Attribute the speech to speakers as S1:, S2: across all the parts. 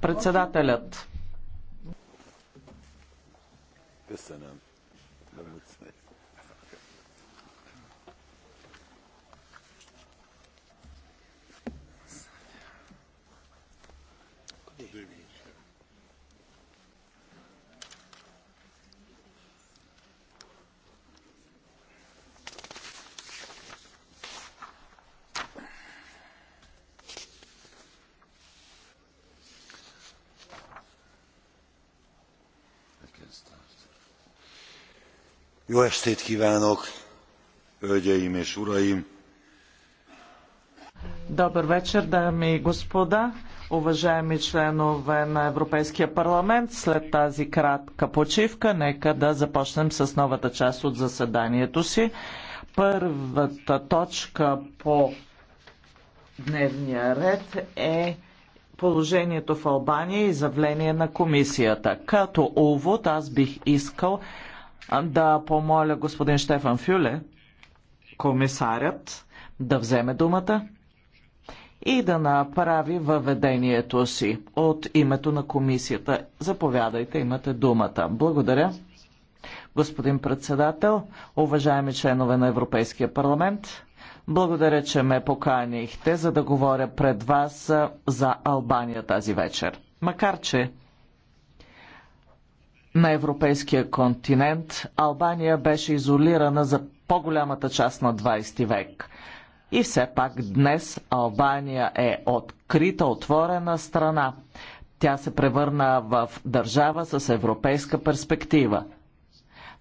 S1: Председателят.
S2: Köszönöm. Jó estét kívánok, hölgyeim és uraim!
S1: Добър вечер, дами и господа, уважаеми членове на Европейския парламент. След тази кратка почивка, нека да започнем с новата част от заседанието си. Първата точка по дневния ред е положението в Албания и заявление на комисията. Като увод аз бих искал да помоля господин Штефан Фюле, комисарят, да вземе думата и да направи въведението си от името на комисията. Заповядайте, имате думата. Благодаря. Господин председател, уважаеми членове на Европейския парламент, благодаря, че ме поканихте, за да говоря пред вас за Албания тази вечер. Макар, че на европейския континент, Албания беше изолирана за по-голямата част на 20 век. И все пак днес Албания е открита, отворена страна. Тя се превърна в държава с европейска перспектива.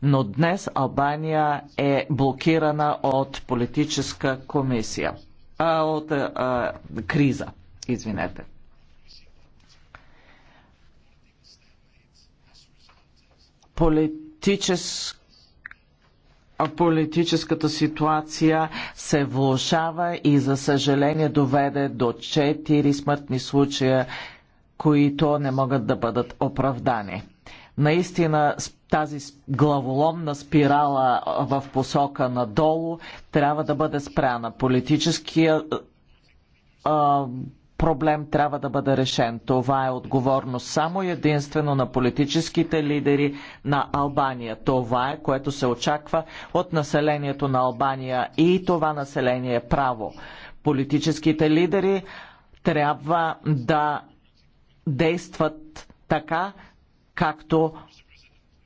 S1: Но днес Албания е блокирана от политическа комисия. А, от а, криза, извинете. политическата ситуация се влушава и за съжаление доведе до 4 смъртни случая, които не могат да бъдат оправдани. Наистина тази главоломна спирала в посока надолу трябва да бъде спряна. Политическия проблем трябва да бъде решен. Това е отговорност само и единствено на политическите лидери на Албания. Това е което се очаква от населението на Албания и това население е право. Политическите лидери трябва да действат така, както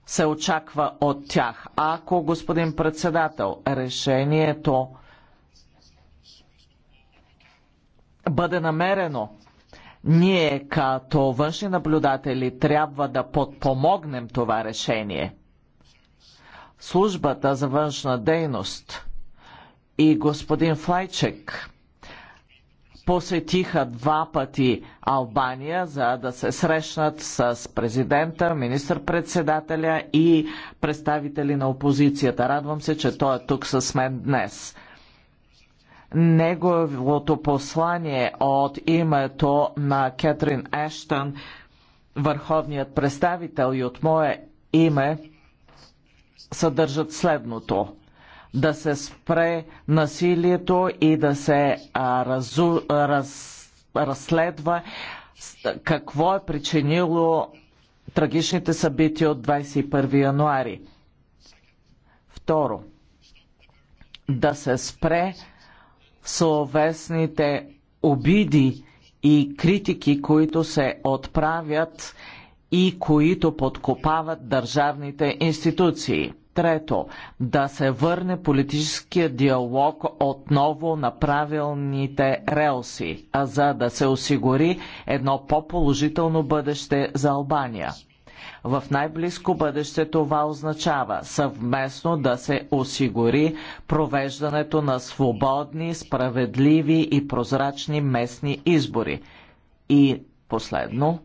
S1: се очаква от тях. Ако, господин председател, решението бъде намерено. Ние като външни наблюдатели трябва да подпомогнем това решение. Службата за външна дейност и господин Флайчек посетиха два пъти Албания, за да се срещнат с президента, министър-председателя и представители на опозицията. Радвам се, че той е тук с мен днес неговото послание от името на Кетрин Ештън, върховният представител и от мое име, съдържат следното да се спре насилието и да се а, разу, раз, разследва какво е причинило трагичните събития от 21 януари. Второ, да се спре съвестните обиди и критики, които се отправят и които подкопават държавните институции. Трето, да се върне политическия диалог отново на правилните релси, а за да се осигури едно по-положително бъдеще за Албания. В най-близко бъдеще това означава съвместно да се осигури провеждането на свободни, справедливи и прозрачни местни избори. И последно,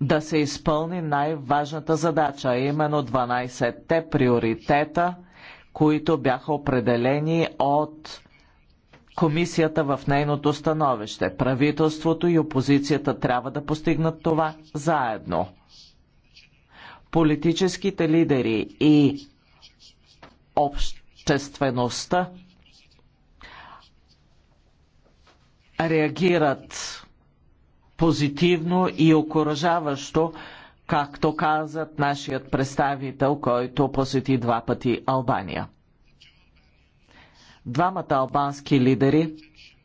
S1: да се изпълни най-важната задача, именно 12-те приоритета, които бяха определени от комисията в нейното становище. Правителството и опозицията трябва да постигнат това заедно. Политическите лидери и обществеността реагират позитивно и окоръжаващо, както казат нашият представител, който посети два пъти Албания. Двамата албански лидери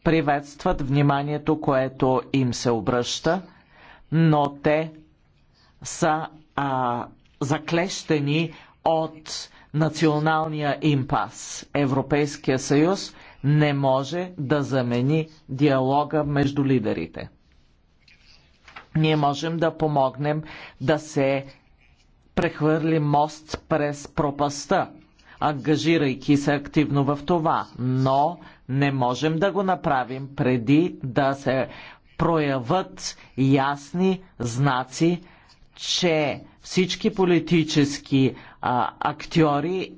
S1: приветстват вниманието, което им се обръща, но те са а, заклещени от националния импас. Европейския съюз не може да замени диалога между лидерите. Ние можем да помогнем да се прехвърли мост през пропаста ангажирайки се активно в това. Но не можем да го направим преди да се проявят ясни знаци, че всички политически а, актьори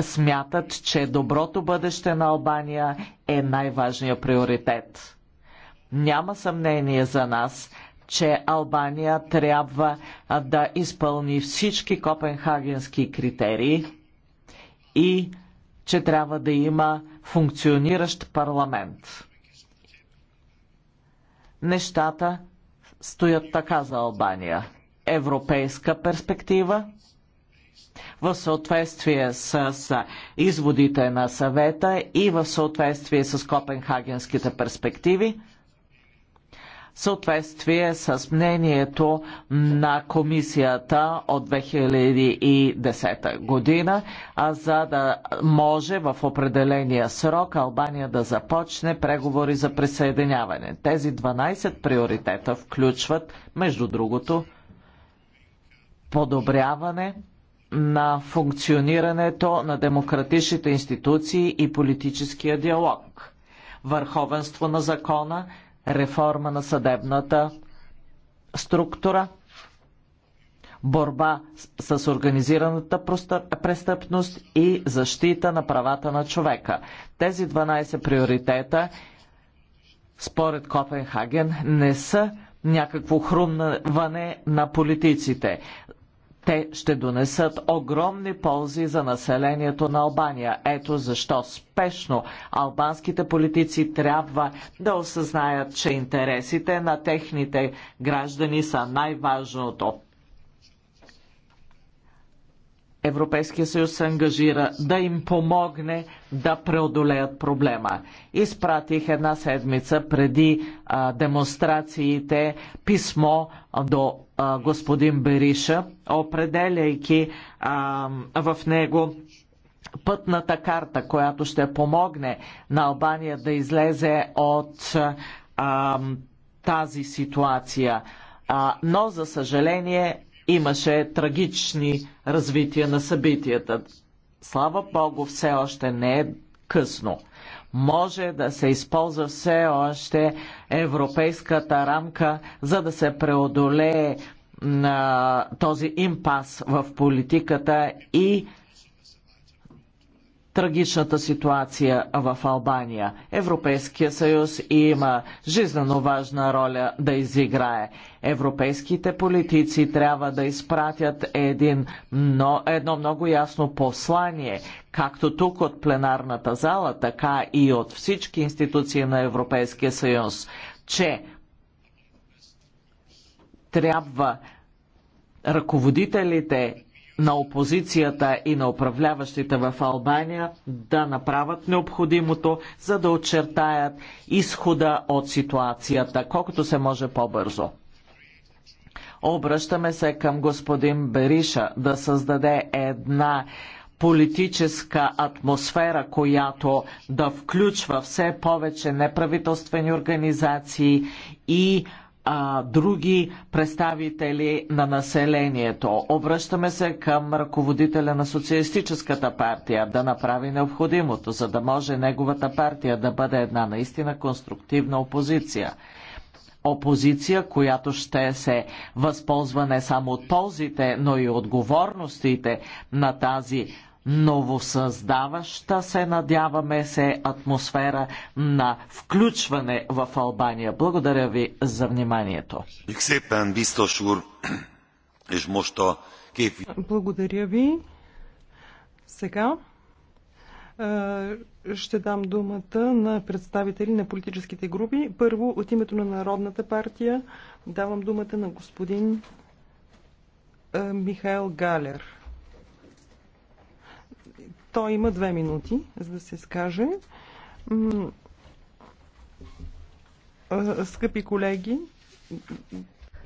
S1: смятат, че доброто бъдеще на Албания е най-важният приоритет. Няма съмнение за нас, че Албания трябва да изпълни всички копенхагенски критерии – и че трябва да има функциониращ парламент. Нещата стоят така за Албания. Европейска перспектива в съответствие с изводите на съвета и в съответствие с копенхагенските перспективи съответствие с мнението на комисията от 2010 година, а за да може в определения срок Албания да започне преговори за присъединяване. Тези 12 приоритета включват, между другото, подобряване на функционирането на демократичните институции и политическия диалог, върховенство на закона, реформа на съдебната структура, борба с организираната престъпност и защита на правата на човека. Тези 12 приоритета, според Копенхаген, не са някакво хрумване на политиците те ще донесат огромни ползи за населението на Албания. Ето защо спешно албанските политици трябва да осъзнаят, че интересите на техните граждани са най-важното. Европейския съюз се ангажира да им помогне да преодолеят проблема. Изпратих една седмица преди а, демонстрациите писмо до господин Бериша, определяйки в него пътната карта, която ще помогне на Албания да излезе от а, тази ситуация. А, но, за съжаление, имаше трагични развития на събитията. Слава Богу, все още не е късно може да се използва все още европейската рамка, за да се преодолее на този импас в политиката и трагичната ситуация в Албания. Европейския съюз има жизненно важна роля да изиграе. Европейските политици трябва да изпратят един, но, едно много ясно послание, както тук от пленарната зала, така и от всички институции на Европейския съюз, че трябва ръководителите на опозицията и на управляващите в Албания да направят необходимото, за да очертаят изхода от ситуацията, колкото се може по-бързо. Обръщаме се към господин Бериша да създаде една политическа атмосфера, която да включва все повече неправителствени организации и а, други представители на населението. Обръщаме се към ръководителя на Социалистическата партия да направи необходимото, за да може неговата партия да бъде една наистина конструктивна опозиция. Опозиция, която ще се възползва не само от ползите, но и отговорностите на тази новосъздаваща се, надяваме се, атмосфера на включване в Албания. Благодаря ви за вниманието. Благодаря ви. Сега
S3: ще дам думата на представители на политическите групи. Първо, от името на Народната партия, давам думата на господин Михаил Галер. Той има две минути, за да се скаже. Скъпи колеги,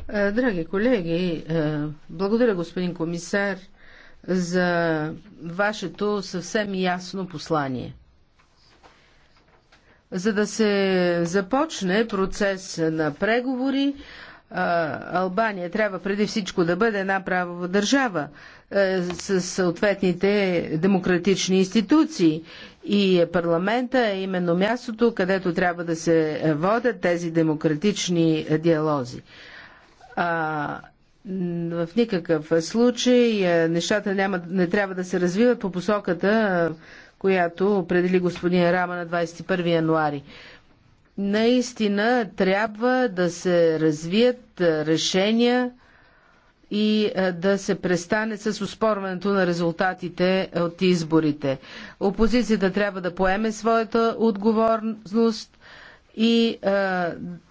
S3: е, Драги колеги,
S4: е, благодаря господин комисар за вашето съвсем ясно послание. За да се започне процес на преговори, Албания трябва преди всичко да бъде една правова държава е, с съответните демократични институции и е парламента е именно мястото, където трябва да се водят тези демократични диалози. А, в никакъв случай е, нещата няма, не трябва да се развиват по посоката, която определи господин Рама на 21 януари. Наистина трябва да се развият решения и да се престане с успорването на резултатите от изборите. Опозицията трябва да поеме своята отговорност и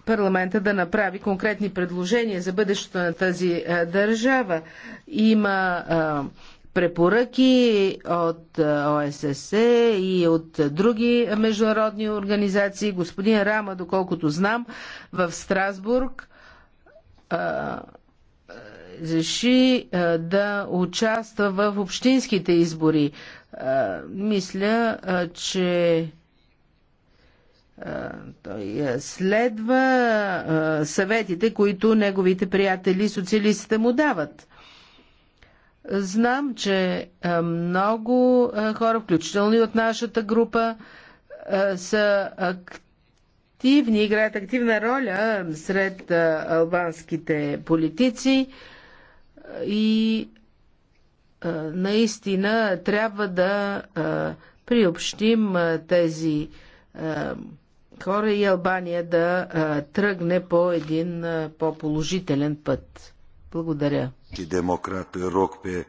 S4: парламента да направи конкретни предложения за бъдещето на тази държава. Има препоръки от е, ОСС и от други международни организации. Господин Рама, доколкото знам, в Страсбург е, е, реши да участва в общинските избори. Мисля, че той следва съветите, които неговите приятели социалистите му дават. Знам, че много хора, включително и от нашата група, са активни, играят активна роля сред албанските политици и наистина трябва да приобщим тези хора и Албания да тръгне по един по-положителен път. Благодаря.
S2: Демократ Рокпе.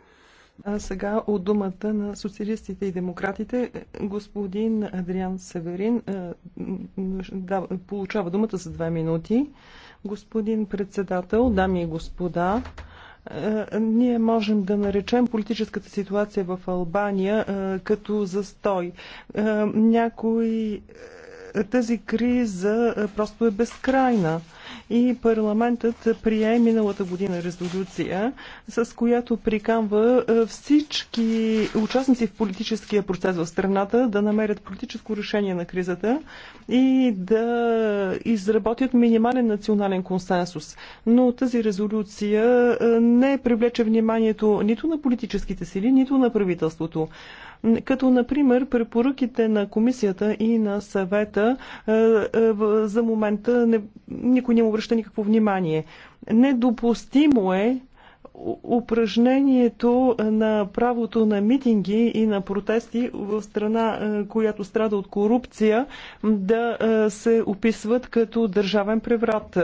S3: А сега от думата на социалистите и демократите, господин Адриан Северин да, получава думата за две минути. Господин председател, дами и господа, ние можем да наречем политическата ситуация в Албания като застой. Някой тази криза просто е безкрайна и парламентът прие миналата година резолюция, с която приканва е, всички участници в политическия процес в страната да намерят политическо решение на кризата и да изработят минимален национален консенсус. Но тази резолюция е, не привлече вниманието нито на политическите сили, нито на правителството като например препоръките на комисията и на съвета е, е, за момента не, никой не обръща никакво внимание. Недопустимо е упражнението на правото на митинги и на протести в страна, е, която страда от корупция, да е, се описват като държавен преврат.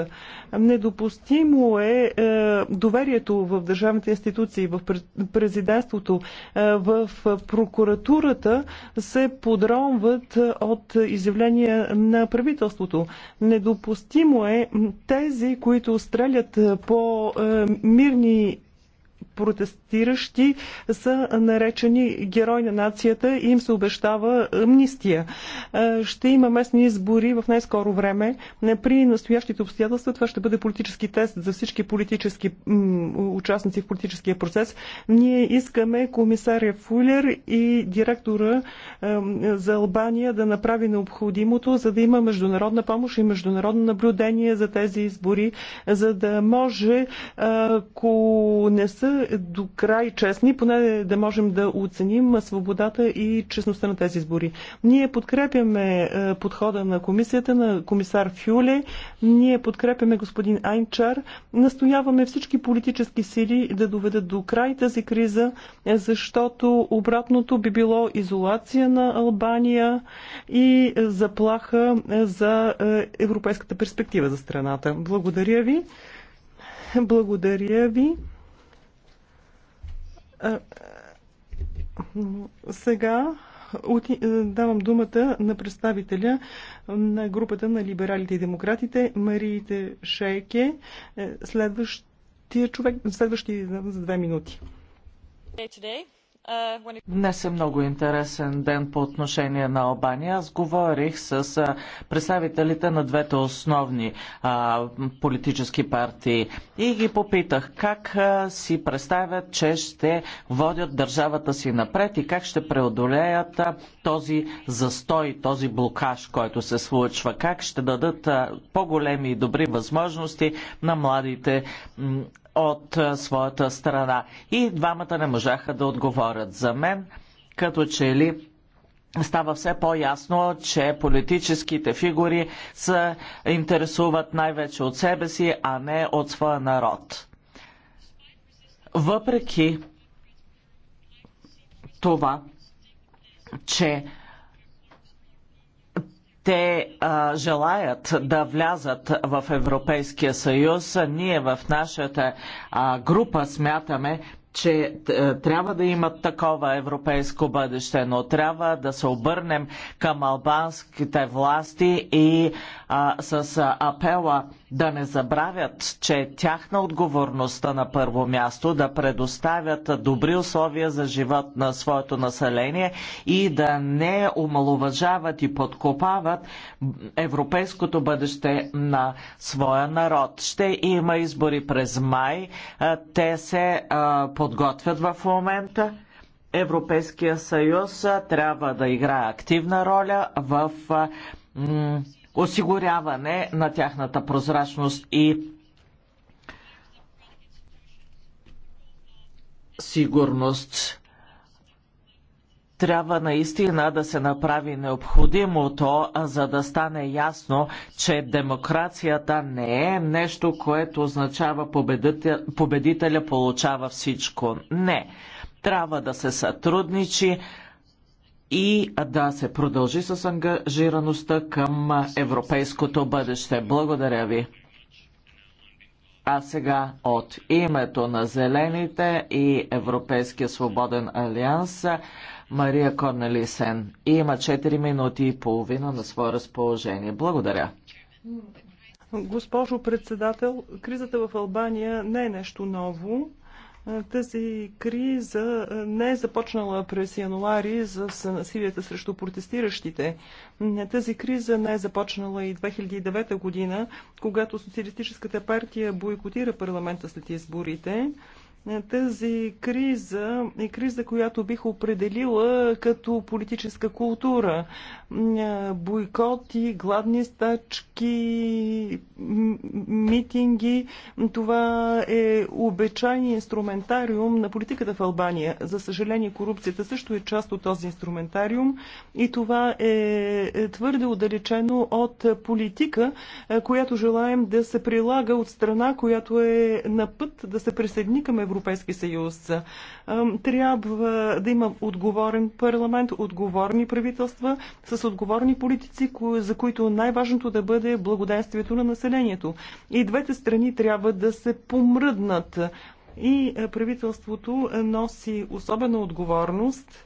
S3: Недопустимо е, е доверието в държавните институции, в президентството, в прокуратурата се подронват от изявления на правителството. Недопустимо е тези, които стрелят по мирни протестиращи са наречени герой на нацията и им се обещава амнистия. Е, ще има местни избори в най-скоро време. Е, при настоящите обстоятелства това ще бъде политически тест за всички политически участници в политическия процес. Ние искаме комисаря Фулер и директора е, за Албания да направи необходимото, за да има международна помощ и международно наблюдение за тези избори, за да може, ако не са до край честни, поне да можем да оценим свободата и честността на тези избори. Ние подкрепяме е, подхода на комисията, на комисар Фюле, ние подкрепяме господин Айнчар, настояваме всички политически сили да доведат до край тази криза, защото обратното би било изолация на Албания и заплаха за е, европейската перспектива за страната. Благодаря ви. Благодаря ви. Сега е, давам думата на представителя на групата на либералите и демократите Мариите Шейке. Е, следващия човек, следващия за две минути.
S1: Днес е много интересен ден по отношение на Албания. Аз говорих с представителите на двете основни а, политически партии и ги попитах как а, си представят, че ще водят държавата си напред и как ще преодолеят а, този застой, този блокаж, който се случва, как ще дадат по-големи и добри възможности на младите от своята страна. И двамата не можаха да отговорят за мен, като че ли става все по-ясно, че политическите фигури се интересуват най-вече от себе си, а не от своя народ. Въпреки това, че те а, желаят да влязат в Европейския съюз, ние в нашата а, група смятаме, че е, трябва да имат такова европейско бъдеще, но трябва да се обърнем към албанските власти и а, с апела да не забравят, че е тяхна отговорността на първо място да предоставят добри условия за живот на своето население и да не омалуважават и подкопават европейското бъдеще на своя народ. Ще има избори през май. Те се подготвят в момента. Европейския съюз трябва да играе активна роля в осигуряване на тяхната прозрачност и сигурност. Трябва наистина да се направи необходимото, за да стане ясно, че демокрацията не е нещо, което означава победителя, получава всичко. Не. Трябва да се сътрудничи, и да се продължи с ангажираността към европейското бъдеще. Благодаря ви. А сега от името на Зелените и Европейския свободен алианс Мария Корнелисен има 4 минути и половина на свое разположение. Благодаря.
S3: Госпожо председател, кризата в Албания не е нещо ново. Тази криза не е започнала през януари за насилията срещу протестиращите. Тази криза не е започнала и 2009 година, когато Социалистическата партия бойкотира парламента след изборите тази криза е криза, която бих определила като политическа култура. Бойкоти, гладни стачки, митинги. Това е обичайни инструментариум на политиката в Албания. За съжаление, корупцията също е част от този инструментариум и това е, е твърде отдалечено от политика, е, която желаем да се прилага от страна, която е на път да се присъедини към Европейския Европейски съюз. Трябва да има отговорен парламент, отговорни правителства с отговорни политици, за които най-важното да бъде благоденствието на населението. И двете страни трябва да се помръднат. И правителството носи особена отговорност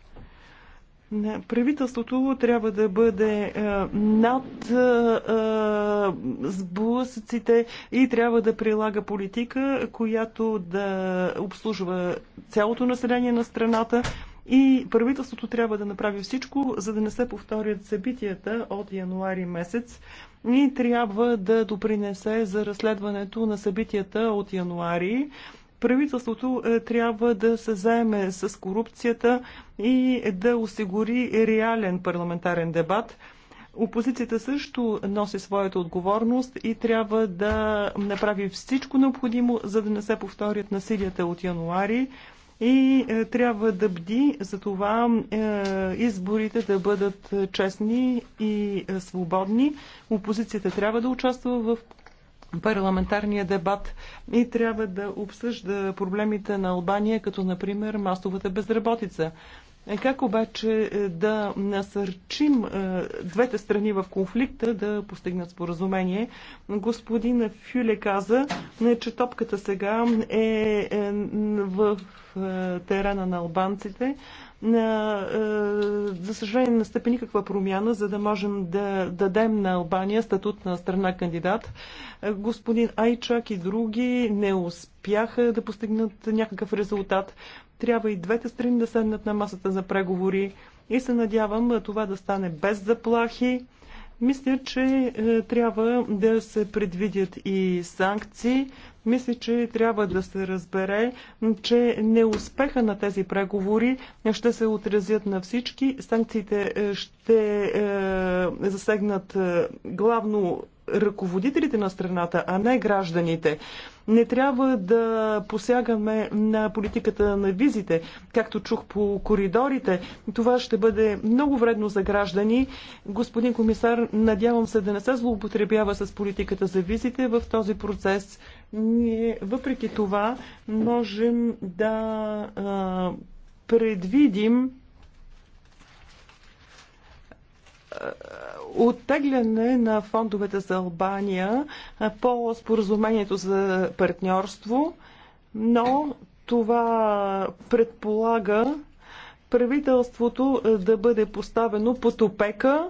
S3: Правителството трябва да бъде е, над е, е, сблъсъците и трябва да прилага политика, която да обслужва цялото население на страната. И правителството трябва да направи всичко, за да не се повторят събитията от януари месец и трябва да допринесе за разследването на събитията от януари Правителството е, трябва да се заеме с корупцията и да осигури реален парламентарен дебат. Опозицията също носи своята отговорност и трябва да направи всичко необходимо, за да не се повторят насилията от януари и е, трябва да бди за това е, изборите да бъдат честни и свободни. Опозицията трябва да участва в парламентарния дебат и трябва да обсъжда проблемите на Албания, като например масовата безработица. Е, как обаче е, да насърчим е, двете страни в конфликта да постигнат споразумение? Господин Фюле каза, че топката сега е в терена на албанците. За съжаление, не степи никаква промяна, за да можем да дадем на Албания статут на страна кандидат. Господин Айчак и други не успяха да постигнат някакъв резултат. Трябва и двете страни да седнат на масата за преговори и се надявам това да стане без заплахи. Мисля, че е, трябва да се предвидят и санкции, мисля, че трябва да се разбере, че неуспеха на тези преговори ще се отразят на всички. Санкциите е, ще е, засегнат е, главно ръководителите на страната, а не гражданите. Не трябва да посягаме на политиката на визите, както чух по коридорите. Това ще бъде много вредно за граждани. Господин комисар, надявам се да не се злоупотребява с политиката за визите в този процес ние въпреки това можем да а, предвидим оттегляне на фондовете за Албания по споразумението за партньорство, но това предполага правителството да бъде поставено под опека.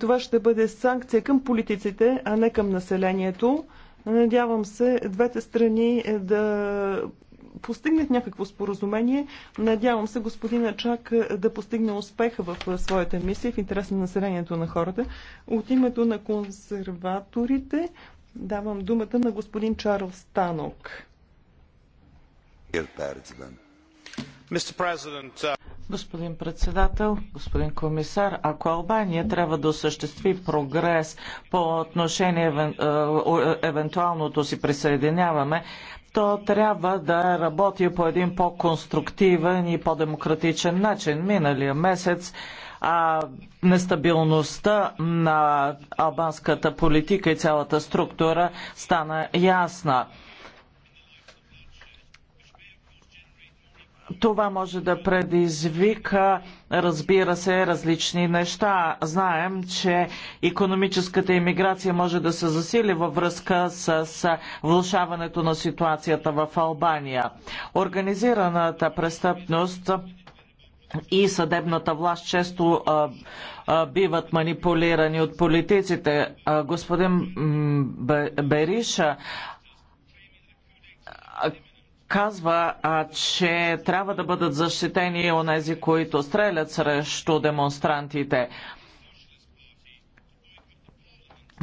S3: Това ще бъде санкция към политиците, а не към населението. Надявам се двете страни е, да постигнат някакво споразумение. Надявам се господина Чак е, да постигне успеха в е, своята мисия в интерес на населението на хората. От името на консерваторите давам думата на господин Чарлз Танок.
S2: Ерперцвен.
S1: Uh, господин председател, господин комисар, ако Албания трябва да осъществи прогрес по отношение е, евентуалното си присъединяване, то трябва да работи по един по-конструктивен и по-демократичен начин. Миналия месец а, нестабилността на албанската политика и цялата структура стана ясна. това може да предизвика, разбира се, различни неща. Знаем, че економическата иммиграция може да се засили във връзка с влушаването на ситуацията в Албания. Организираната престъпност и съдебната власт често а, а, биват манипулирани от политиците. А, господин Бериша, казва, а, че трябва да бъдат защитени онези, които стрелят срещу демонстрантите.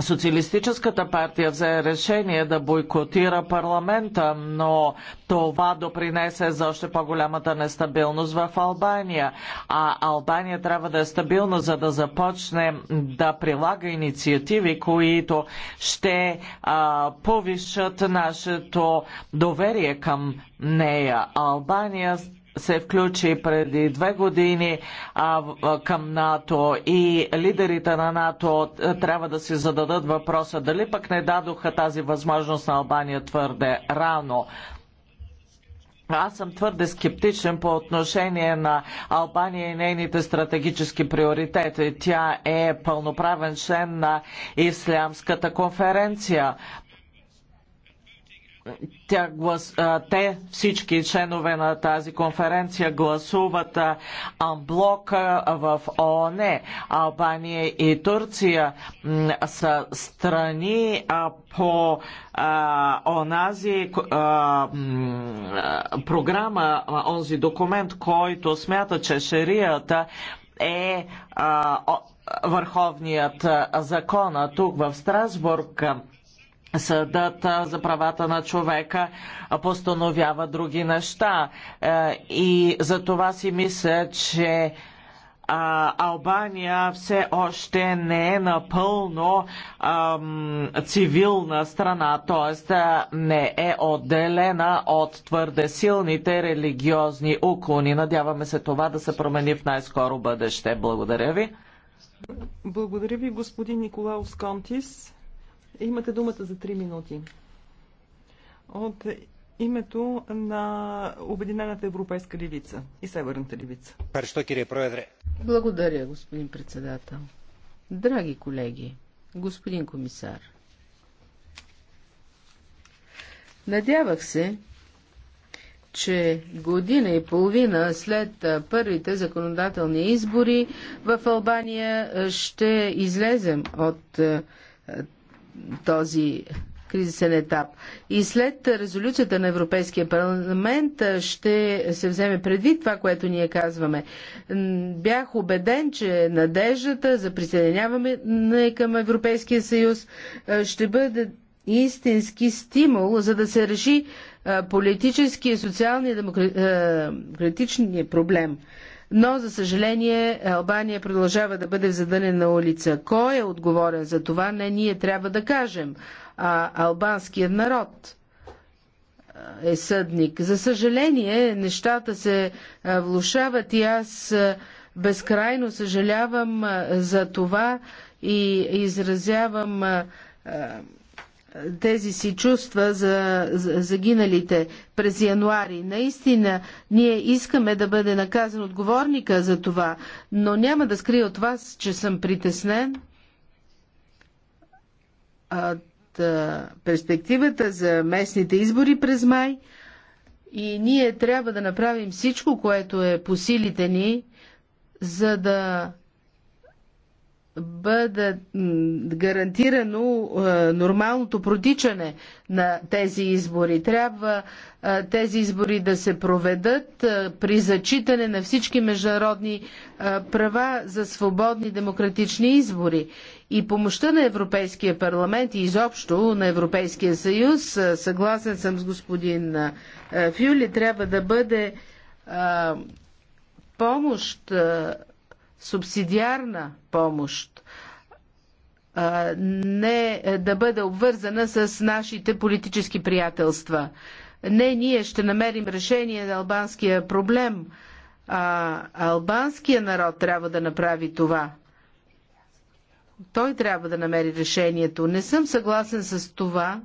S1: Социалистическата партия взе решение да бойкотира парламента, но това допринесе за още по-голямата нестабилност в Албания. А Албания трябва да е стабилна, за да започне да прилага инициативи, които ще а, повишат нашето доверие към нея. Албания се включи преди две години а, към НАТО и лидерите на НАТО е, трябва да си зададат въпроса дали пък не дадоха тази възможност на Албания твърде рано. Аз съм твърде скептичен по отношение на Албания и нейните стратегически приоритети. Тя е пълноправен член на Ислямската конференция тя глас, те всички членове на тази конференция гласуват анблок в ООН. Албания и Турция са страни по онази програма, онзи документ, който смята, че шарията е върховният закон. Тук в Страсбург Съдът за правата на човека постановява други неща. Е, и за това си мисля, че Албания все още не е напълно ам, цивилна страна, т.е. не е отделена от твърде силните религиозни уклони. Надяваме се това да се промени в най-скоро бъдеще. Благодаря ви.
S3: Благодаря ви, господин Николаус Контис. Имате думата за 3 минути. От името на Обединената европейска левица и Северната левица.
S4: Благодаря, господин председател. Драги колеги, господин комисар, надявах се, че година и половина след първите законодателни избори в Албания ще излезем от този кризисен етап. И след резолюцията на Европейския парламент ще се вземе предвид това, което ние казваме. Бях убеден, че надеждата за присъединяване към Европейския съюз ще бъде истински стимул, за да се реши политически и социалния проблем но, за съжаление, Албания продължава да бъде в задънена улица. Кой е отговорен за това? Не ние трябва да кажем, а албанският народ е съдник. За съжаление, нещата се влушават и аз безкрайно съжалявам за това и изразявам тези си чувства за загиналите през януари. Наистина, ние искаме да бъде наказан отговорника за това, но няма да скрия от вас, че съм притеснен от перспективата за местните избори през май и ние трябва да направим всичко, което е по силите ни, за да бъде гарантирано е, нормалното протичане на тези избори. Трябва е, тези избори да се проведат е, при зачитане на всички международни права за свободни демократични избори. И помощта на Европейския парламент и изобщо на Европейския съюз, съгласен съм с господин Фюли, трябва да бъде помощ субсидиарна помощ не е, да бъде обвързана с нашите политически приятелства. Не ние ще намерим решение на албанския проблем, а албанския народ трябва да направи това. Той трябва да намери решението. Не съм съгласен с това,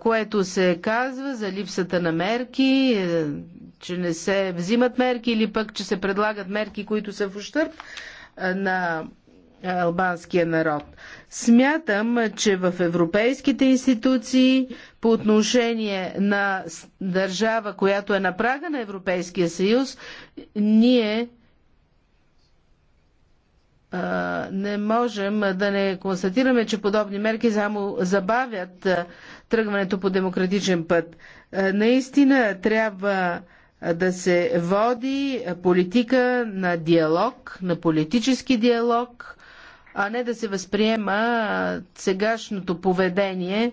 S4: което се казва за липсата на мерки, е, че не се взимат мерки или пък, че се предлагат мерки, които са в ущърп на албанския народ. Смятам, че в европейските институции по отношение на държава, която е на прага на Европейския съюз, ние не можем да не констатираме, че подобни мерки само забавят тръгването по демократичен път. Е, наистина трябва да се води политика на диалог, на политически диалог, а не да се възприема сегашното поведение е,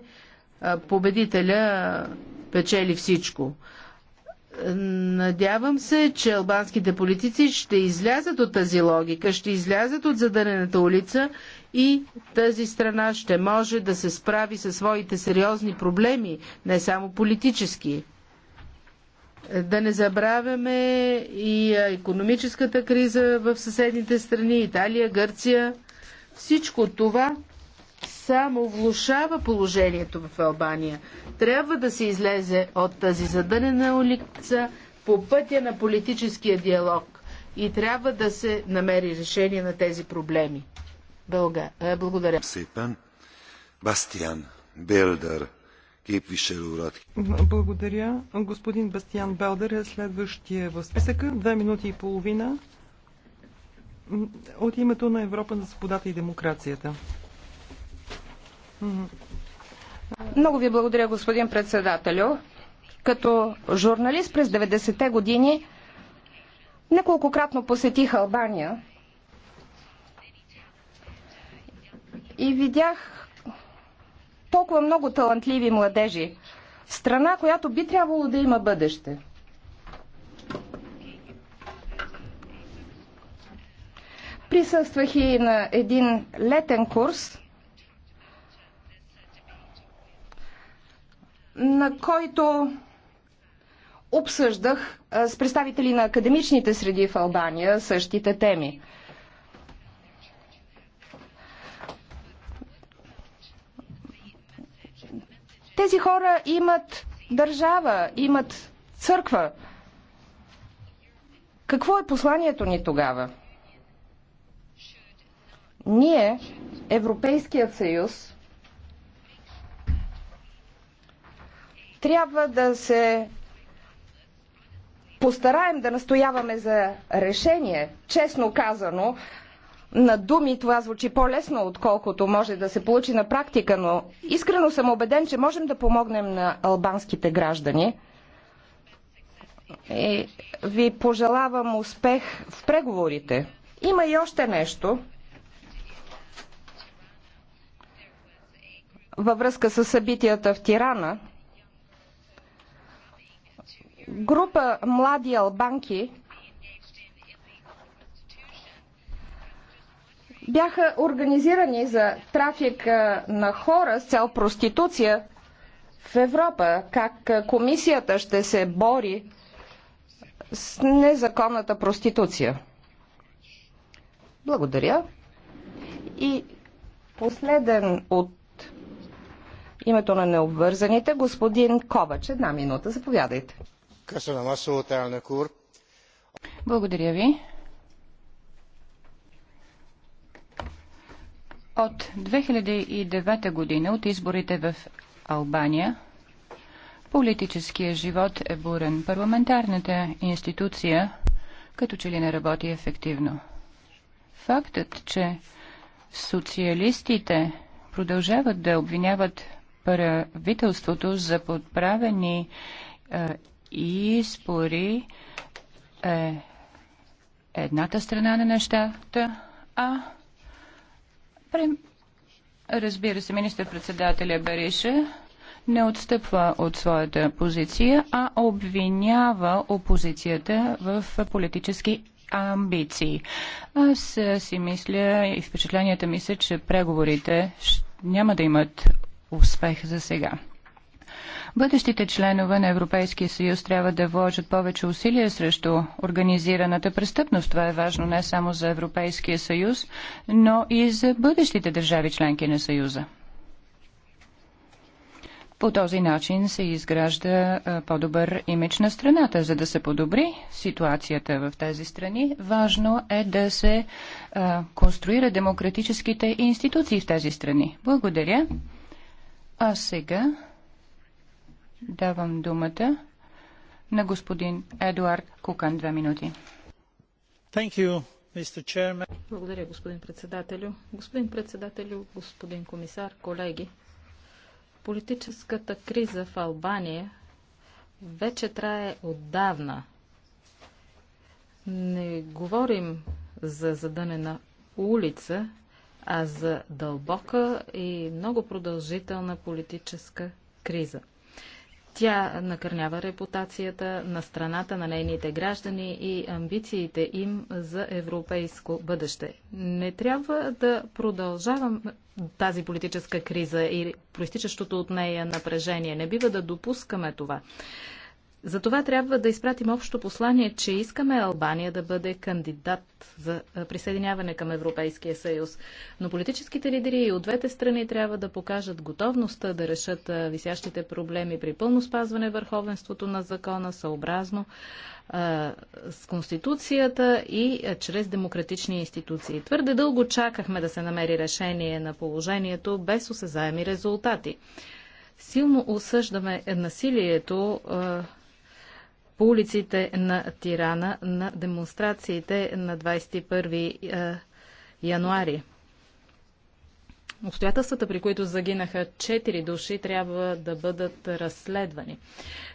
S4: победителя печели всичко. Надявам се, че албанските политици ще излязат от тази логика, ще излязат от задънената улица и тази страна ще може да се справи със своите сериозни проблеми, не само политически. Да не забравяме и економическата криза в съседните страни, Италия, Гърция. Всичко това само влушава положението в Албания. Трябва да се излезе от тази задънена улица по пътя на политическия диалог и трябва да се намери решение на тези проблеми. Бълга... Е, благодаря.
S2: Бастиан Белдър.
S3: Благодаря. Господин Бастиан Белдер е следващия в списъка. Две минути и половина от името на Европа на свободата и демокрацията.
S5: Много ви благодаря, господин председателю. Като журналист през 90-те години неколкократно посетих Албания и видях толкова много талантливи младежи. Страна, която би трябвало да има бъдеще. Присъствах и на един летен курс, на който обсъждах с представители на академичните среди в Албания същите теми. Тези хора имат държава, имат църква. Какво е посланието ни тогава? Ние, Европейският съюз, трябва да се постараем да настояваме за решение, честно казано, на думи това звучи по-лесно, отколкото може да се получи на практика, но искрено съм убеден, че можем да помогнем на албанските граждани. И ви пожелавам успех в преговорите. Има и още нещо. Във връзка с събитията в Тирана, група млади албанки бяха организирани за трафик на хора с цел проституция в Европа. Как комисията ще се бори с незаконната проституция? Благодаря. И последен от името на необвързаните, господин Ковач. Една минута, заповядайте.
S6: Благодаря ви. От 2009 година, от изборите в Албания, политическия живот е бурен. Парламентарната институция като че ли не работи ефективно. Фактът, че социалистите продължават да обвиняват правителството за подправени е, избори е едната страна на нещата, а Разбира се, министър-председателя Бериша не отстъпва от своята позиция, а обвинява опозицията в политически амбиции. Аз си мисля и впечатленията ми са, че преговорите няма да имат успех за сега. Бъдещите членове на Европейския съюз трябва да вложат повече усилия срещу организираната престъпност. Това е важно не само за Европейския съюз, но и за бъдещите държави членки на съюза. По този начин се изгражда по-добър имидж на страната. За да се подобри ситуацията в тези страни, важно е да се а, конструира демократическите институции в тези страни. Благодаря. А сега Давам думата на господин Едуард Кукан. Две минути. You,
S7: Благодаря, господин председателю. Господин председателю, господин комисар, колеги. Политическата криза в Албания вече трае отдавна. Не говорим за задънена улица, а за дълбока и много продължителна политическа криза. Тя накърнява репутацията на страната на нейните граждани и амбициите им за европейско бъдеще. Не трябва да продължавам тази политическа криза и проистичащото от нея напрежение. Не бива да допускаме това. Затова трябва да изпратим общо послание, че искаме Албания да бъде кандидат за присъединяване към Европейския съюз. Но политическите лидери и от двете страни трябва да покажат готовността да решат висящите проблеми при пълно спазване върховенството на закона, съобразно с Конституцията и чрез демократични институции. Твърде дълго чакахме да се намери решение на положението без осезаеми резултати. Силно осъждаме насилието по улиците на Тирана на демонстрациите на 21 е, януари. Обстоятелствата, при които загинаха 4 души, трябва да бъдат разследвани.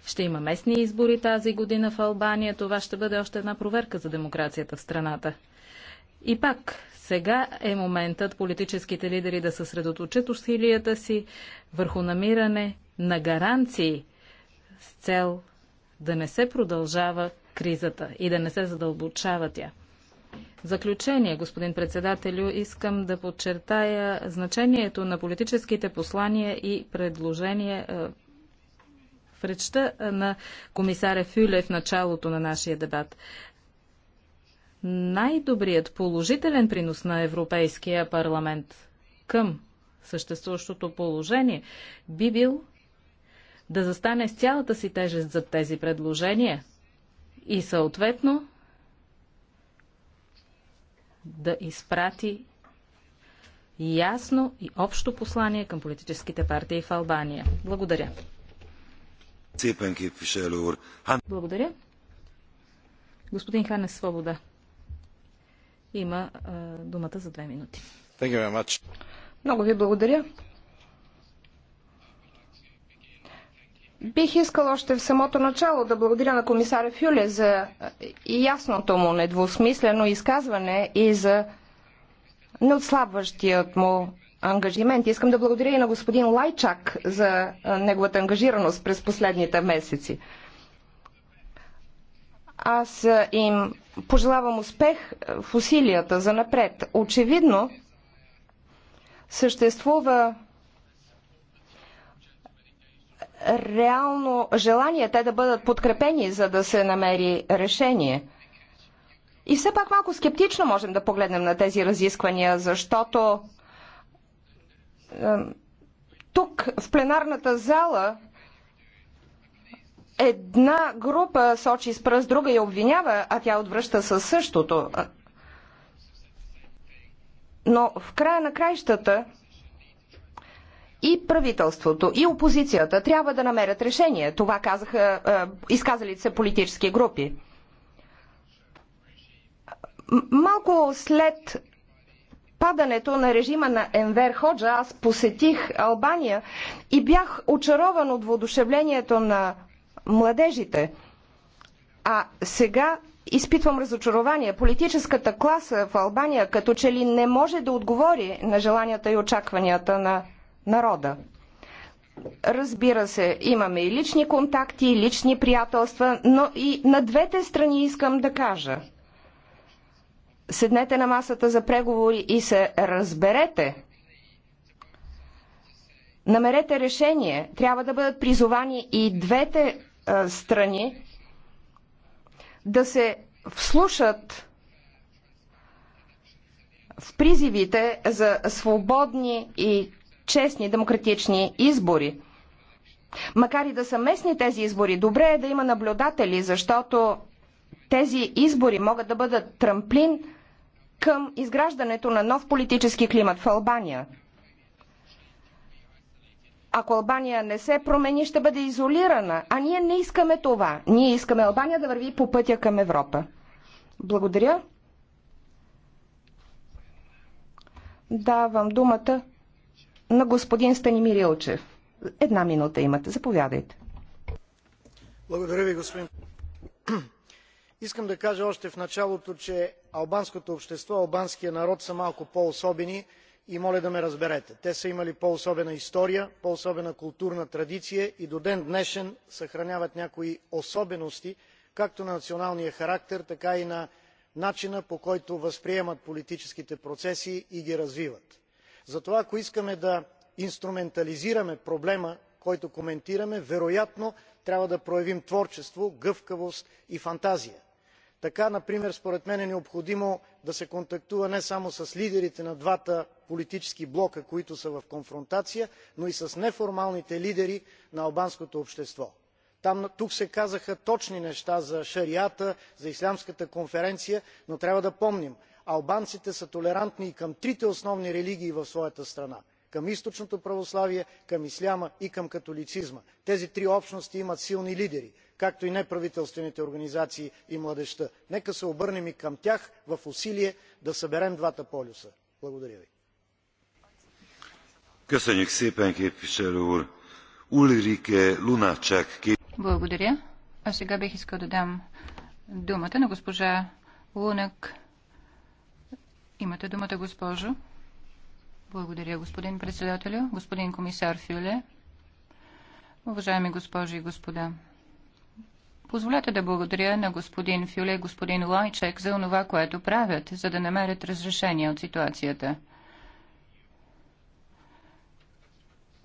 S7: Ще има местни избори тази година в Албания. Това ще бъде още една проверка за демокрацията в страната. И пак, сега е моментът политическите лидери да съсредоточат усилията си върху намиране на гаранции с цел да не се продължава кризата и да не се задълбочава тя. В заключение, господин председателю, искам да подчертая значението на политическите послания и предложения е, в речта на комисаря Фюле в началото на нашия дебат. Най-добрият положителен принос на Европейския парламент към съществуващото положение би бил да застане с цялата си тежест за тези предложения и съответно да изпрати ясно и общо послание към политическите партии в Албания. Благодаря. Благодаря. Господин Ханес Свобода има а, думата за две минути. Много ви благодаря.
S5: Бих искал още в самото начало да благодаря на комисаря Фюле за е, ясното му недвусмислено изказване и за неотслабващият му ангажимент. Искам да благодаря и на господин Лайчак за е, неговата ангажираност през последните месеци. Аз е, им пожелавам успех в усилията за напред. Очевидно съществува реално желание те да бъдат подкрепени, за да се намери решение. И все пак малко скептично можем да погледнем на тези разисквания, защото тук в пленарната зала една група сочи с пръст друга и обвинява, а тя отвръща със същото. Но в края на краищата и правителството, и опозицията трябва да намерят решение. Това казаха е, изказалите се политически групи. Малко след падането на режима на Енвер Ходжа, аз посетих Албания и бях очарован от воодушевлението на младежите. А сега изпитвам разочарование. Политическата класа в Албания като че ли не може да отговори на желанията и очакванията на народа. Разбира се, имаме и лични контакти, и лични приятелства, но и на двете страни искам да кажа. Седнете на масата за преговори и се разберете. Намерете решение. Трябва да бъдат призовани и двете а, е, страни да се вслушат в призивите за свободни и честни демократични избори. Макар и да са местни тези избори, добре е да има наблюдатели, защото тези избори могат да бъдат трамплин към изграждането на нов политически климат в Албания. Ако Албания не се промени, ще бъде изолирана. А ние не искаме това. Ние искаме Албания да върви по пътя към Европа. Благодаря. Давам думата на господин Станимир Илчев. Една минута имате. Заповядайте.
S8: Благодаря ви, господин. Искам да кажа още в началото, че албанското общество, албанския народ са малко по-особени и моля да ме разберете. Те са имали по-особена история, по-особена културна традиция и до ден днешен съхраняват някои особености, както на националния характер, така и на начина по който възприемат политическите процеси и ги развиват затова ако искаме да инструментализираме проблема който коментираме вероятно трябва да проявим творчество гъвкавост и фантазия. така например според мен е необходимо да се контактува не само с лидерите на двата политически блока които са в конфронтация но и с неформалните лидери на албанското общество. тук се казаха точни неща за шериата за ислямската конференция но трябва да помним албанците са толерантни и към трите основни религии в своята страна към източното православие към исляма и към католицизма. тези три общности имат силни лидери както и неправителствените организации и младежта. нека се обърнем и към тях в усилие да съберем двата полюса. благодаря ви.
S6: Благодаря. А сега бих искал да дам думата на госпожа Имате думата, госпожо. Благодаря, господин председателю, господин комисар Фюле, уважаеми госпожи и господа. Позволете да благодаря на господин Фюле и господин Лайчек за онова, което правят, за да намерят разрешение от ситуацията.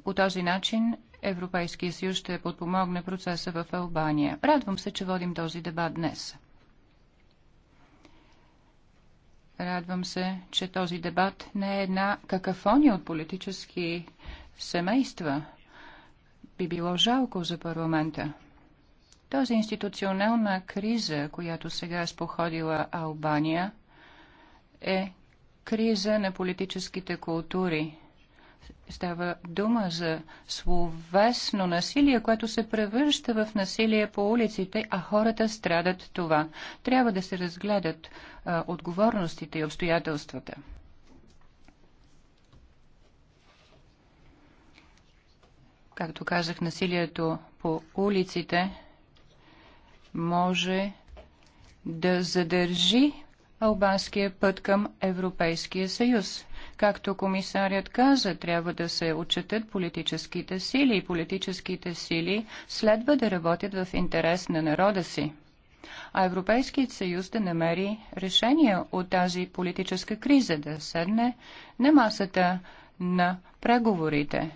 S6: По този начин Европейския съюз ще подпомогне процеса в Албания. Радвам се, че водим този дебат днес. Радвам се, че този дебат не е една какафония от политически семейства. Би било жалко за парламента. Тази институционална криза, която сега е споходила Албания, е криза на политическите култури – Става дума за словесно насилие, което се превръща в насилие по улиците, а хората страдат това. Трябва да се разгледат а, отговорностите и обстоятелствата. Както казах, насилието по улиците може да задържи албанския път към Европейския съюз. Както комисарят каза, трябва да се отчетат политическите сили и политическите сили следва да работят в интерес на народа си. А Европейският съюз да намери решение от тази политическа криза, да седне на масата на преговорите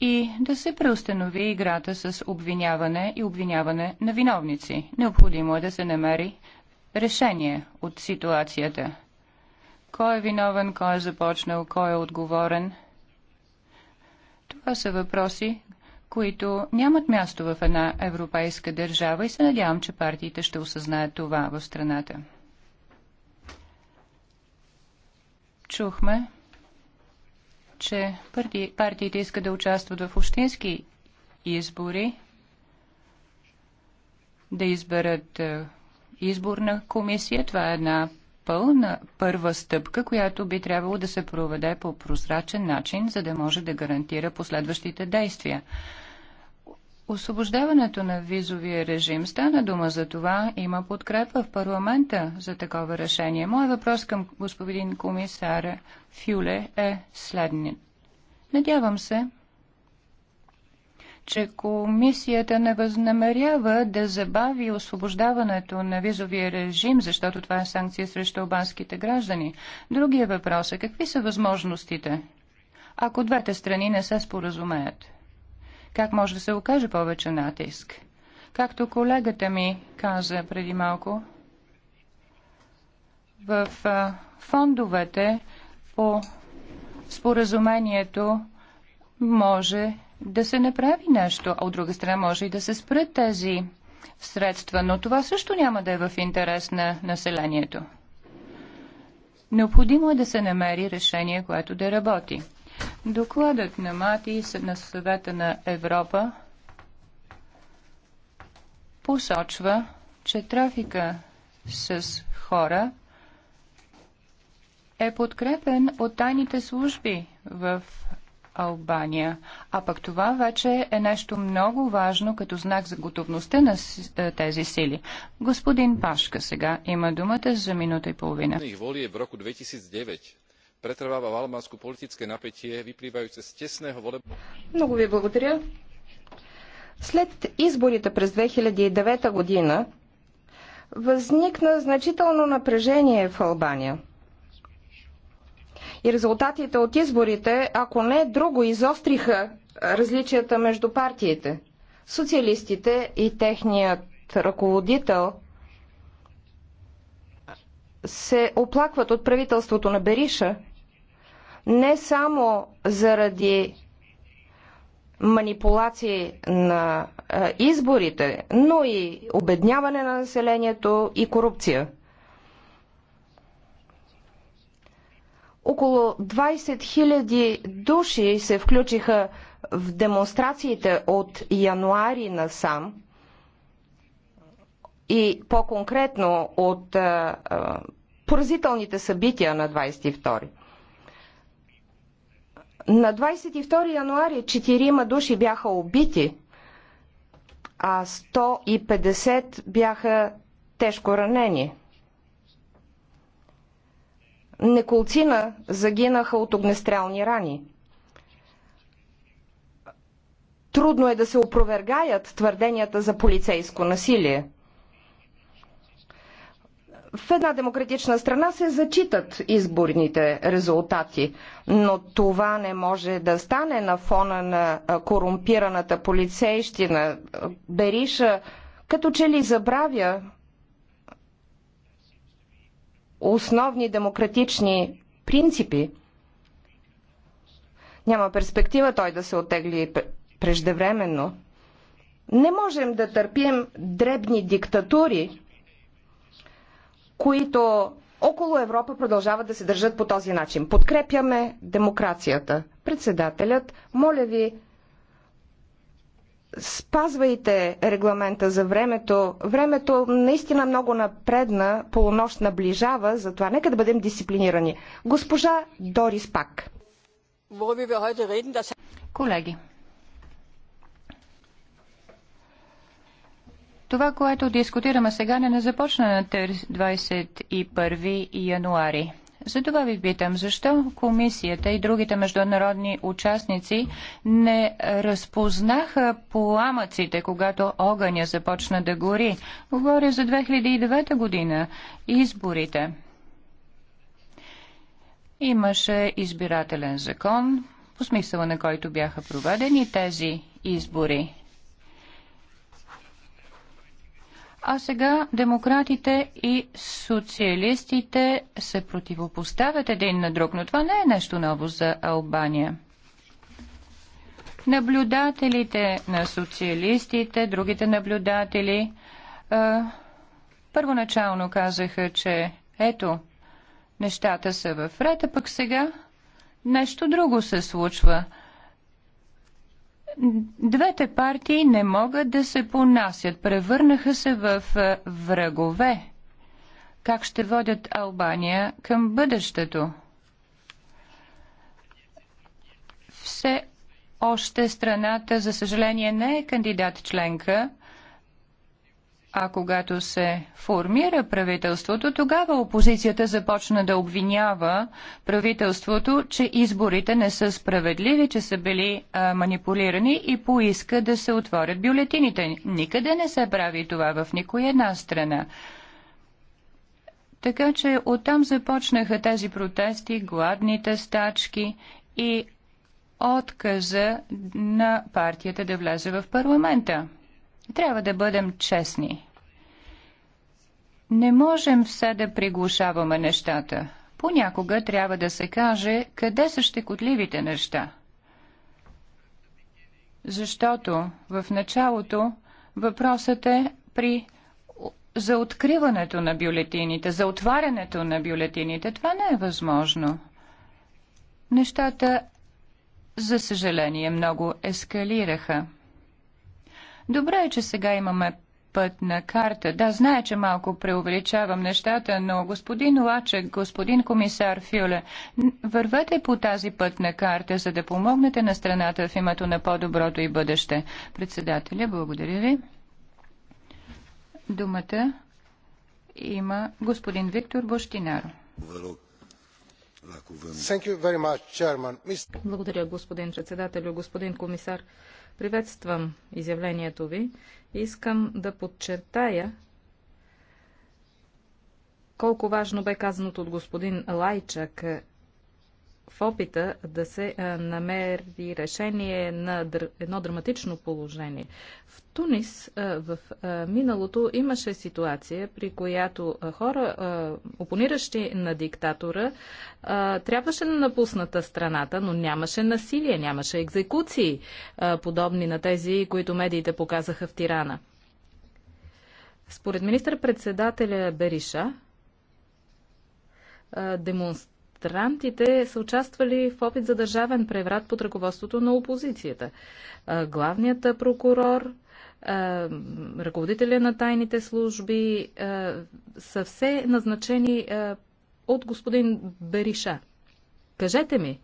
S6: и да се преустанови играта с обвиняване и обвиняване на виновници. Необходимо е да се намери решение от ситуацията. Кой е виновен, кой е започнал, кой е отговорен? Това са въпроси, които нямат място в една европейска държава и се надявам, че партиите ще осъзнаят това в страната. Чухме, че парти, партиите искат да участват в общински избори, да изберат е, изборна комисия. Това е една пълна първа стъпка, която би трябвало да се проведе по прозрачен начин, за да може да гарантира последващите действия. Освобождаването на визовия режим стана дума за това. Има подкрепа в парламента за такова решение. Моя въпрос към господин комисар Фюле е следният. Надявам се, че комисията не възнамерява да забави освобождаването на визовия режим, защото това е санкция срещу албанските граждани. Другия въпрос е какви са възможностите, ако двете страни не се споразумеят? Как може да се окаже повече натиск? Както колегата ми каза преди малко, в фондовете по споразумението може да се направи нещо, а от друга страна може и да се спрат тези средства, но това също няма да е в интерес на населението. Необходимо е да се намери решение, което да работи. Докладът на МАТИ на съвета на Европа посочва, че трафика с хора е подкрепен от тайните служби в Албания. А пък това вече е нещо много важно като знак за готовността на е, тези сили. Господин Пашка сега има думата за минута и половина.
S8: Е в року 2009 pretrváva v Albánsku politické napätie vyplývajúce с tesného volebného...
S6: Много ви
S5: благодаря. След изборите през 2009 година възникна значително напрежение в Албания – и резултатите от изборите, ако не друго, изостриха различията между партиите. Социалистите и техният ръководител се оплакват от правителството на Бериша не само заради манипулации на изборите, но и обедняване на населението и корупция. Около 20 000 души се включиха в демонстрациите от януари насам и по-конкретно от а, а, поразителните събития на 22. На 22 януари 4 души бяха убити, а 150 бяха тежко ранени. Неколцина загинаха от огнестрелни рани. Трудно е да се опровергаят твърденията за полицейско насилие. В една демократична страна се зачитат изборните резултати, но това не може да стане на фона на корумпираната полицейщина. Бериша като че ли забравя основни демократични принципи, няма перспектива той да се отегли преждевременно. Не можем да търпим дребни диктатури, които около Европа продължават да се държат по този начин. Подкрепяме демокрацията. Председателят, моля ви, спазвайте регламента за времето. Времето наистина много напредна, полунощ наближава, затова нека да бъдем дисциплинирани.
S6: Госпожа Дорис Пак. Колеги, това, което дискутираме сега, не започна на 21 януари. Затова ви питам, защо комисията и другите международни участници не разпознаха пламъците, когато огъня започна да гори? Говоря за 2009 година, изборите. Имаше избирателен закон, по смисъла на който бяха проведени тези избори. А сега демократите и социалистите се противопоставят един на друг, но това не е нещо ново за Албания. Наблюдателите на социалистите, другите наблюдатели, а, първоначално казаха, че ето, нещата са в ред, а пък сега нещо друго се случва – Двете партии не могат да се понасят. Превърнаха се в е, врагове. Как ще водят Албания към бъдещето? Все още страната, за съжаление, не е кандидат членка а когато се формира правителството, тогава опозицията започна да обвинява правителството, че изборите не са справедливи, че са били а, манипулирани и поиска да се отворят бюлетините. Никъде не се прави това в никоя една страна. Така че оттам започнаха тези протести, гладните стачки и отказа на партията да влезе в парламента. Трябва да бъдем честни. Не можем все да приглушаваме нещата. Понякога трябва да се каже къде са щекотливите неща. Защото в началото въпросът е при за откриването на бюлетините, за отварянето на бюлетините. Това не е възможно. Нещата, за съжаление, много ескалираха. Добре е, че сега имаме пътна карта. Да, знае, че малко преувеличавам нещата, но господин Лачек, господин комисар Фюле, вървете по тази пътна карта, за да помогнете на страната в името на по-доброто и бъдеще. Председателя, благодаря ви. Думата има господин Виктор Бощинаро. Благодаря, господин председател, господин комисар.
S7: Приветствам изявлението ви. Искам да подчертая колко важно бе казаното от господин Лайчак в опита да се намери решение на едно драматично положение. В Тунис в миналото имаше ситуация, при която хора, опониращи на диктатора, трябваше да напуснат напусната страната, но нямаше насилие, нямаше екзекуции, подобни на тези, които медиите показаха в Тирана. Според министър-председателя Бериша, демонстрация демонстрантите са участвали в опит за държавен преврат под ръководството на опозицията. Главният прокурор, ръководителя на тайните служби са все назначени от господин Бериша. Кажете ми,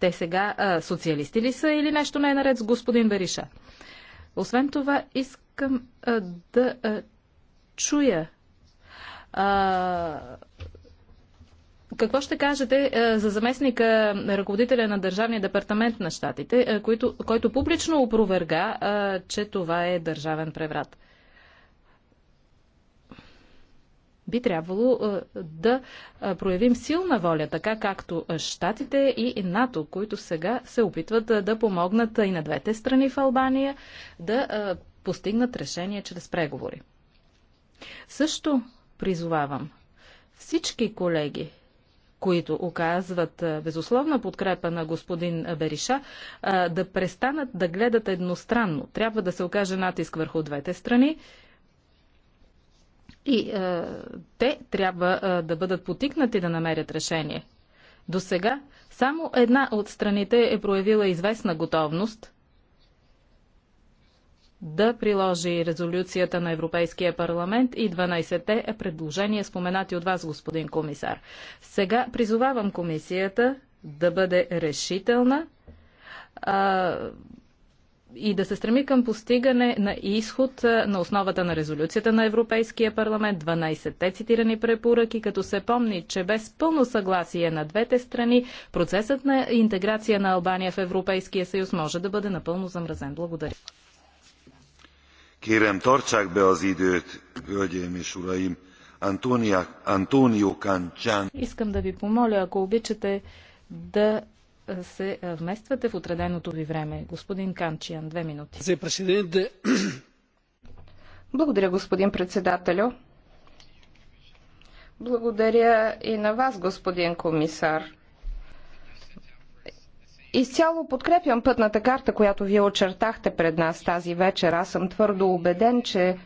S7: те сега социалисти ли са или нещо не е наред с господин Бериша? Освен това, искам да чуя какво ще кажете е, за заместника ръководителя на Държавния департамент на щатите, е, който, който публично опроверга, е, че това е държавен преврат? би трябвало да проявим силна воля, така както Штатите и НАТО, които сега се опитват да помогнат и на двете страни в Албания да постигнат решение чрез преговори. Също призовавам всички колеги, които оказват безусловна подкрепа на господин Бериша, да престанат да гледат едностранно. Трябва да се окаже натиск върху двете страни. И е, те трябва е, да бъдат потикнати да намерят решение. До сега само една от страните е проявила известна готовност да приложи резолюцията на Европейския парламент и 12-те е предложения, споменати от вас, господин комисар. Сега призовавам комисията да бъде решителна а, и да се стреми към постигане на изход на основата на резолюцията на Европейския парламент, 12-те цитирани препоръки, като се помни, че без пълно съгласие на двете страни, процесът на интеграция на Албания в Европейския съюз може да бъде напълно замразен. Благодаря
S2: kérem tartsák be az időt hölgyeim és uraim антонио канчан
S7: искам да ви помоля ако обичате да се вмествате в отреденото ви време. Господин Канчиан, две минути. Благодаря, господин председателю.
S5: Благодаря и на вас, господин комисар. Изцяло подкрепям пътната карта, която вие очертахте пред нас тази вечер. Аз съм твърдо убеден, че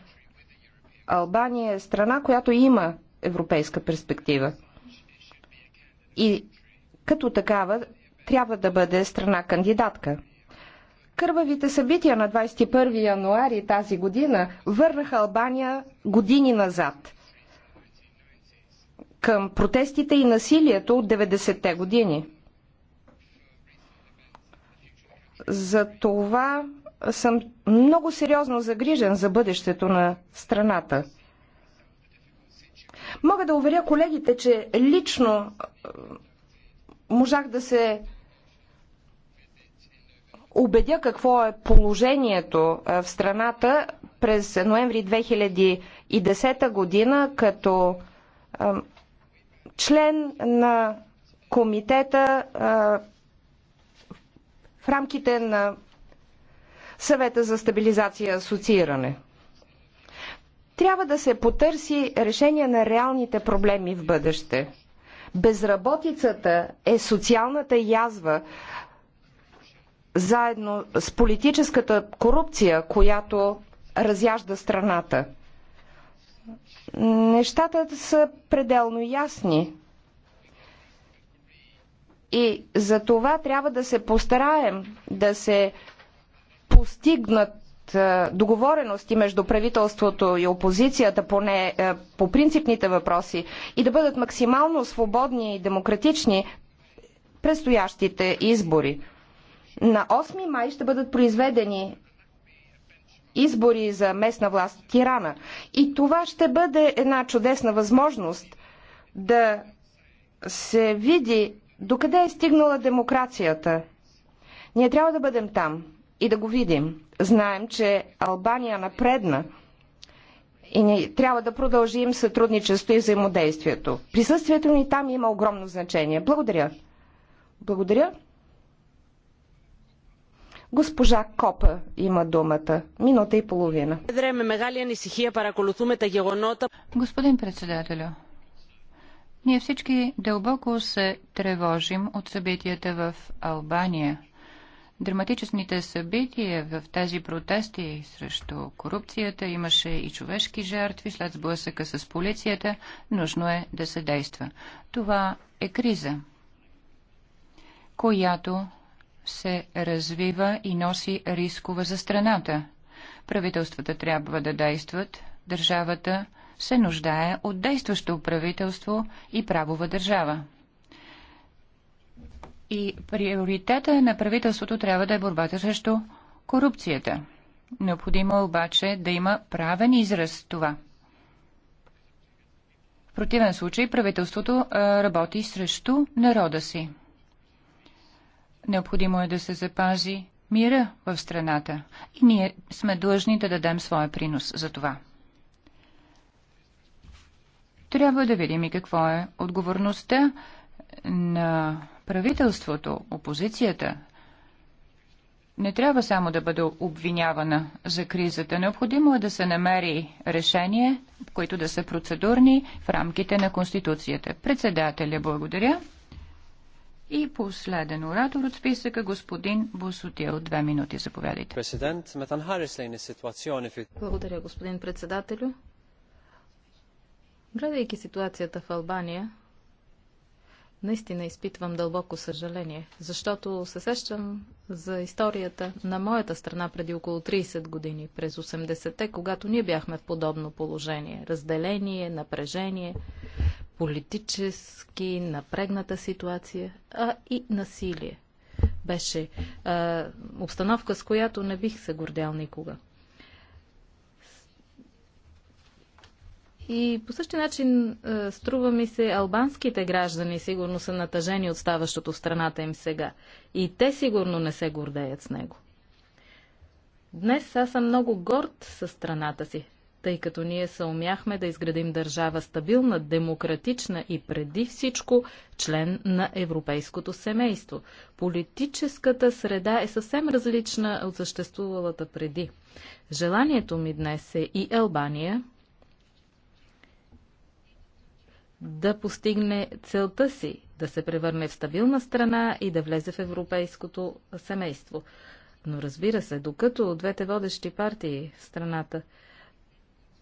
S5: Албания е страна, която има европейска перспектива. И като такава трябва да бъде страна кандидатка. Кървавите събития на 21 януари тази година върнаха Албания години назад към протестите и насилието от 90-те години. За това съм много сериозно загрижен за бъдещето на страната. Мога да уверя колегите, че лично можах да се убедя какво е положението в страната през ноември 2010 година като член на комитета в рамките на съвета за стабилизация и асоцииране. Трябва да се потърси решение на реалните проблеми в бъдеще. Безработицата е социалната язва, заедно с политическата корупция, която разяжда страната. Нещата са пределно ясни. И за това трябва да се постараем да се постигнат е, договорености между правителството и опозицията, поне е, по принципните въпроси, и да бъдат максимално свободни и демократични предстоящите избори. На 8 май ще бъдат произведени избори за местна власт в Тирана. И това ще бъде една чудесна възможност да се види Докъде е стигнала демокрацията? Ние трябва да бъдем там и да го видим. Знаем, че Албания напредна и ние трябва да продължим сътрудничество и взаимодействието. Присъствието ни там има огромно значение. Благодаря. Благодаря. Госпожа Копа има думата. Минута и половина.
S6: Господин председателю, ние всички дълбоко се тревожим от събитията в Албания. Драматичните събития в тези протести срещу корупцията имаше и човешки жертви след сблъсъка с полицията. Нужно е да се действа. Това е криза, която се развива и носи рискова за страната. Правителствата трябва да действат, държавата – се нуждае от действащо правителство и правова държава. И приоритета на правителството трябва да е борбата срещу корупцията. Необходимо е обаче да има правен израз това. В противен случай правителството работи срещу народа си. Необходимо е да се запази мира в страната и ние сме длъжни да дадем своя принос за това. Трябва да видим и какво е отговорността на правителството, опозицията. Не трябва само да бъде обвинявана за кризата. Необходимо е да се намери решение, които да са процедурни в рамките на Конституцията. Председателя, благодаря. И последен оратор от списъка, господин Босотил. Две минути, заповядайте. Благодаря, господин председателю. Гледайки ситуацията в
S7: Албания, наистина изпитвам дълбоко съжаление, защото се сещам за историята на моята страна преди около 30 години, през 80-те, когато ние бяхме в подобно положение. Разделение, напрежение, политически напрегната ситуация, а и насилие. Беше а, обстановка, с която не бих се гордял никога. И по същия начин е, струва ми се, албанските граждани сигурно са натъжени от ставащото в страната им сега. И те сигурно не се гордеят с него. Днес аз съм много горд със страната си, тъй като ние се умяхме да изградим държава стабилна, демократична и преди всичко член на европейското семейство. Политическата среда е съвсем различна от съществувалата преди. Желанието ми днес е и Албания да постигне целта си да се превърне в стабилна страна и да влезе в европейското семейство. Но разбира се, докато двете водещи партии в страната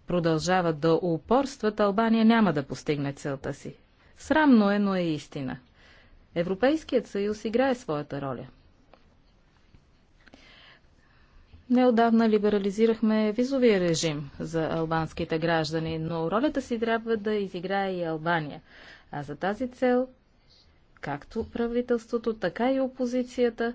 S7: продължават да упорстват, Албания няма да постигне целта си. Срамно е, но е истина. Европейският съюз играе своята роля – Неодавна либерализирахме визовия режим за албанските граждани, но ролята си трябва да изиграе и Албания. А за тази цел, както правителството, така и опозицията,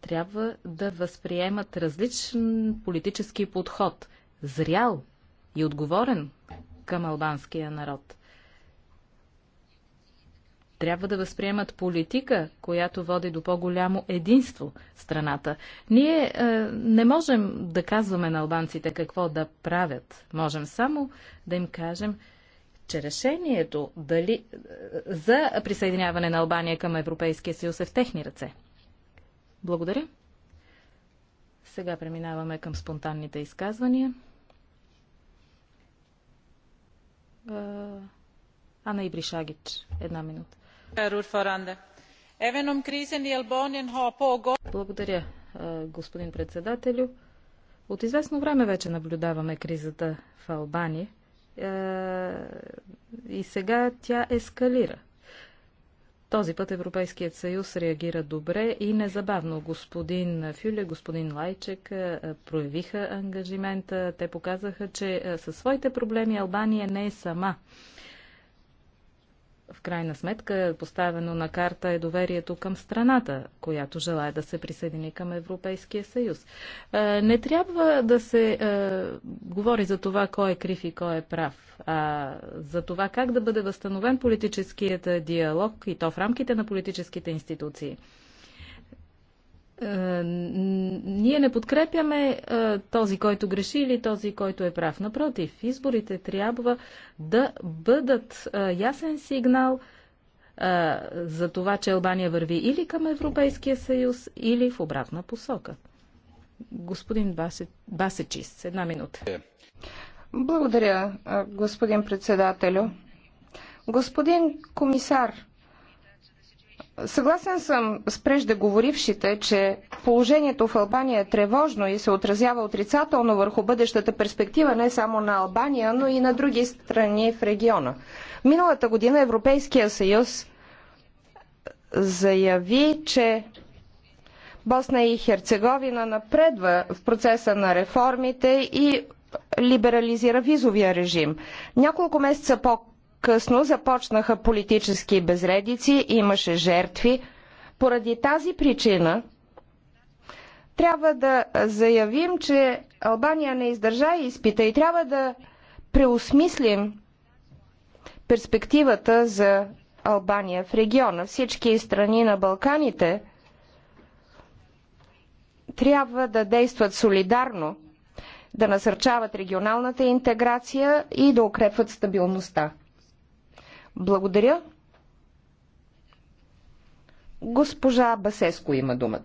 S7: трябва да възприемат различен политически подход, зрял и отговорен към албанския народ трябва да възприемат политика, която води до по-голямо единство в страната. Ние е, не можем да казваме на албанците какво да правят. Можем само да им кажем, че решението дали, е, за присъединяване на Албания към Европейския съюз е в техни ръце. Благодаря. Сега преминаваме към спонтанните изказвания. Е, Ана Ибришагич, една минута. Благодаря, господин председателю. От известно време вече наблюдаваме кризата в Албания и сега тя ескалира. Този път Европейският съюз реагира добре и незабавно. Господин Фюле, господин Лайчек проявиха ангажимента. Те показаха, че със своите проблеми Албания не е сама в крайна сметка поставено на карта е доверието към страната, която желая да се присъедини към Европейския съюз. Не трябва да се говори за това кой е крив и кой е прав, а за това как да бъде възстановен политическият диалог и то в рамките на политическите институции. Е, ние не подкрепяме е, този, който греши или този, който е прав. Напротив, изборите трябва да бъдат е, ясен сигнал за това, че Албания върви или към Европейския съюз, или в обратна посока. Господин Басе, Басечис, една минута. Благодаря,
S5: господин председателю. Господин комисар, Съгласен съм с преждеговорившите, че положението в Албания е тревожно и се отразява отрицателно върху бъдещата перспектива не само на Албания, но и на други страни в региона. Миналата година Европейския съюз заяви, че Босна и Херцеговина напредва в процеса на реформите и либерализира визовия режим. Няколко месеца по късно започнаха политически безредици, имаше жертви. Поради тази причина трябва да заявим, че Албания не издържа и изпита и трябва да преосмислим перспективата за Албания в региона. Всички страни на Балканите трябва да действат солидарно, да насърчават регионалната интеграция и да укрепват стабилността. Благодаря. Госпожа Басеско има думата.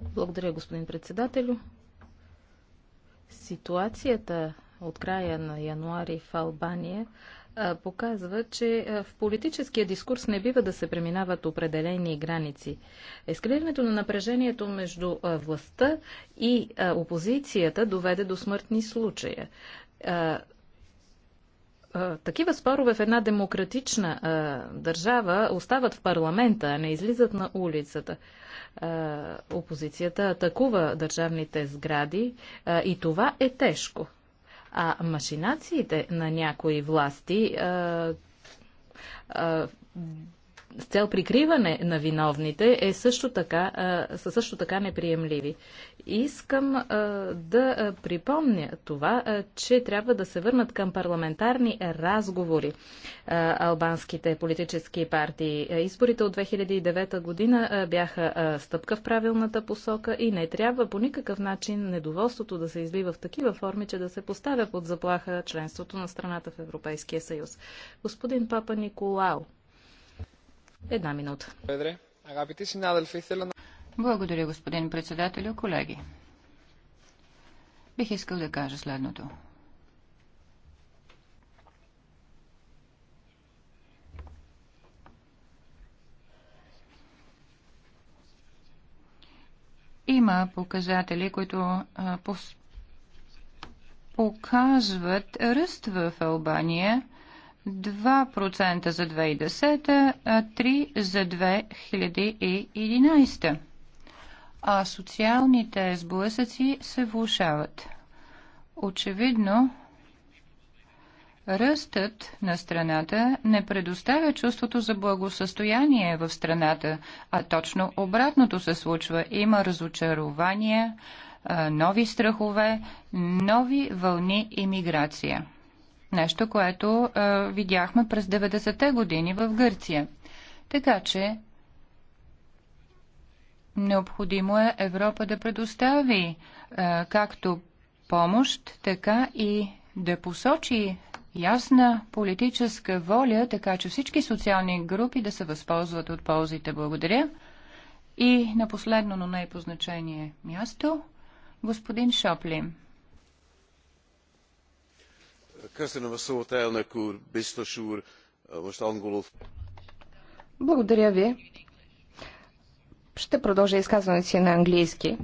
S7: Благодаря, господин председателю. Ситуацията от края на януари в Албания показва, че в политическия дискурс не бива да се преминават определени граници. Ескалирането на напрежението между властта и опозицията доведе до смъртни случая а, а, такива спорове в една демократична а, държава остават в парламента, а не излизат на улицата. А, опозицията атакува държавните сгради а, и това е тежко. А машинациите на някои власти а, а, с цел прикриване на виновните е също така, са също така неприемливи. Искам да припомня това, че трябва да се върнат към парламентарни разговори албанските политически партии. Изборите от 2009 година бяха стъпка в правилната посока и не трябва по никакъв начин недоволството да се излива в такива форми, че да се поставя под заплаха членството на страната в Европейския съюз.
S6: Господин Папа Николао, Една минута. Благодаря, господин председателю, колеги. Бих искал да кажа следното. Има показатели, които а, показват ръст в Албания – 2% за 2010, а 3% за 2011. А социалните сблъсъци се влушават. Очевидно, Ръстът на страната не предоставя чувството за благосъстояние в страната, а точно обратното се случва. Има разочарование, нови страхове, нови вълни иммиграция. Нещо, което а, е, видяхме през 90-те години в Гърция. Така че необходимо е Европа да предостави а, е, както помощ, така и да посочи ясна политическа воля, така че всички социални групи да се възползват от ползите. Благодаря. И на последно, но най-позначение място, господин Шоплин. Благодаря ви.
S5: Ще продължа изказването си на английски.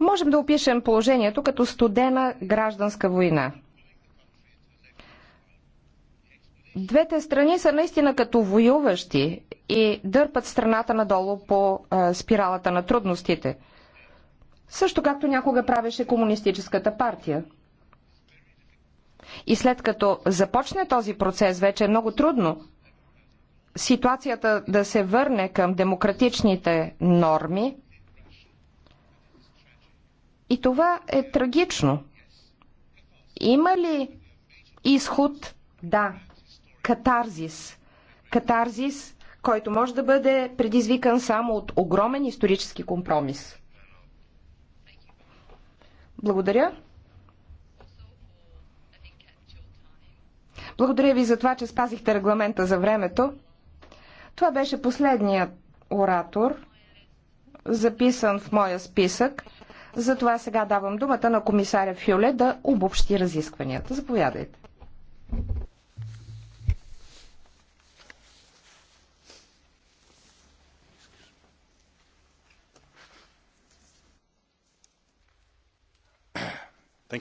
S5: Можем да опишем положението като студена гражданска война. Двете страни са наистина като воюващи и дърпат страната надолу по а, спиралата на трудностите. Също както някога правеше Комунистическата партия. И след като започне този процес, вече е много трудно ситуацията да се върне към демократичните норми. И това е трагично. Има ли изход? Да. Катарзис. Катарзис, който може да бъде предизвикан само от огромен исторически компромис. Благодаря. Благодаря ви за това, че спазихте регламента за времето. Това беше последният оратор, записан в моя списък. Затова сега давам думата на комисаря Фюле да обобщи разискванията. Заповядайте.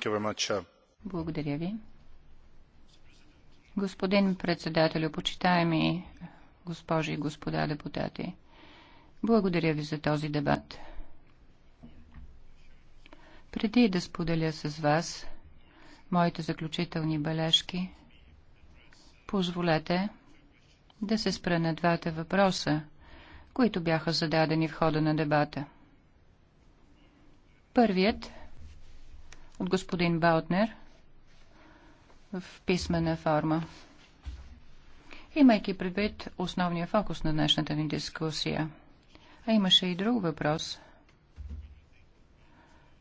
S2: Uh,
S6: Благодаря ви. Господин председател, почитаеми госпожи и господа депутати, благодаря ви за този дебат. Преди да споделя с вас моите заключителни бележки, позволете да се спра на двата въпроса, които бяха зададени в хода на дебата. Първият от господин Баутнер – в писмена форма. Имайки предвид основния фокус на днешната ни дискусия, а имаше и друг въпрос,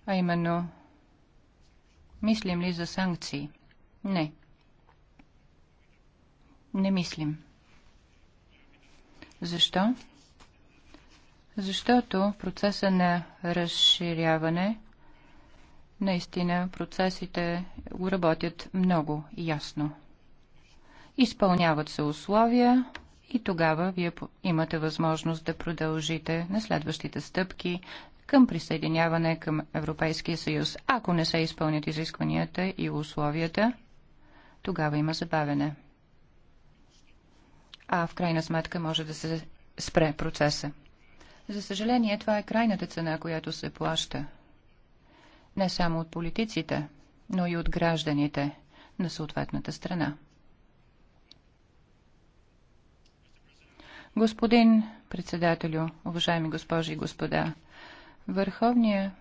S6: а именно мислим ли за санкции? Не. Не мислим. Защо? Защото процеса на разширяване – наистина процесите го работят много ясно. Изпълняват се условия и тогава вие имате възможност да продължите на следващите стъпки към присъединяване към Европейския съюз. Ако не се изпълнят изискванията и условията, тогава има забавене. А в крайна сметка може да се спре процеса. За съжаление, това е крайната цена, която се плаща – не само от политиците, но и от гражданите на съответната страна. Господин председателю, уважаеми госпожи и господа, Върховният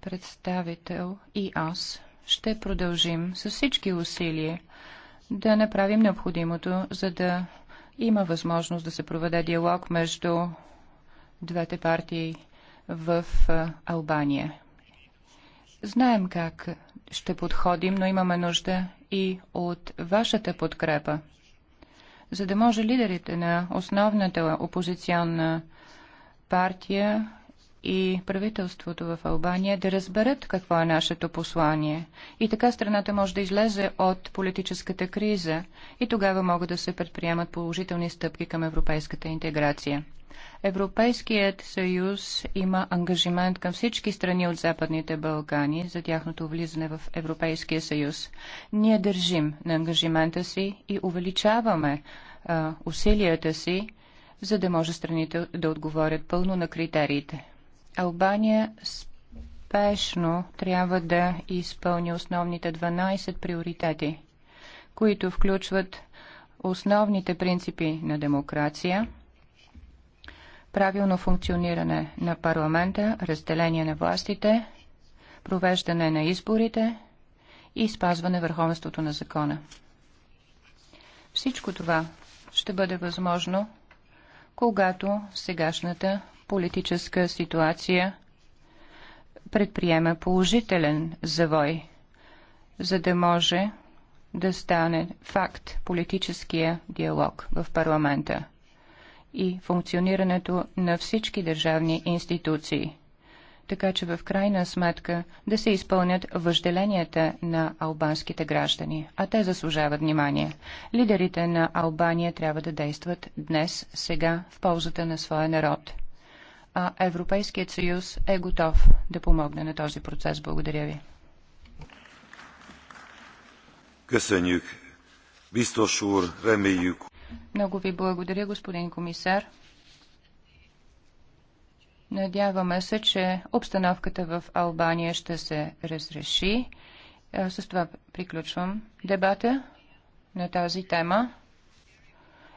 S6: представител и аз ще продължим с всички усилия да направим необходимото, за да има възможност да се проведе диалог между двете партии в Албания. Знаем как ще подходим, но имаме нужда и от вашата подкрепа, за да може лидерите на основната опозиционна партия и правителството в Албания да разберат какво е нашето послание. И така страната може да излезе от политическата криза и тогава могат да се предприемат положителни стъпки към европейската интеграция. Европейският съюз има ангажимент към всички страни от Западните Балкани за тяхното влизане в Европейския съюз. Ние държим на ангажимента си и увеличаваме а, усилията си, за да може страните да отговорят пълно на критериите. Албания спешно трябва да изпълни основните 12 приоритети, които включват основните принципи на демокрация, правилно функциониране на парламента, разделение на властите, провеждане на изборите и спазване върховенството на закона. Всичко това ще бъде възможно, когато сегашната политическа ситуация предприема положителен завой, за да може да стане факт политическия диалог в парламента и функционирането на всички държавни институции, така че в крайна сметка да се изпълнят въжделенията на албанските граждани, а те заслужават внимание. Лидерите на Албания трябва да действат днес, сега, в ползата на своя народ а Европейският съюз е готов да помогне на този процес. Благодаря ви. Много ви благодаря, господин комисар. Надяваме се, че обстановката в Албания ще се разреши. С това приключвам дебата на тази тема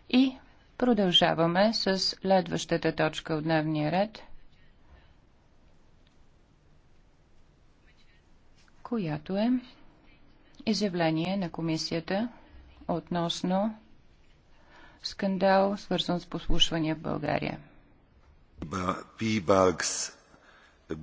S6: и Продължаваме с следващата точка от дневния ред, която е изявление на комисията относно скандал, свързан с послушвания в България.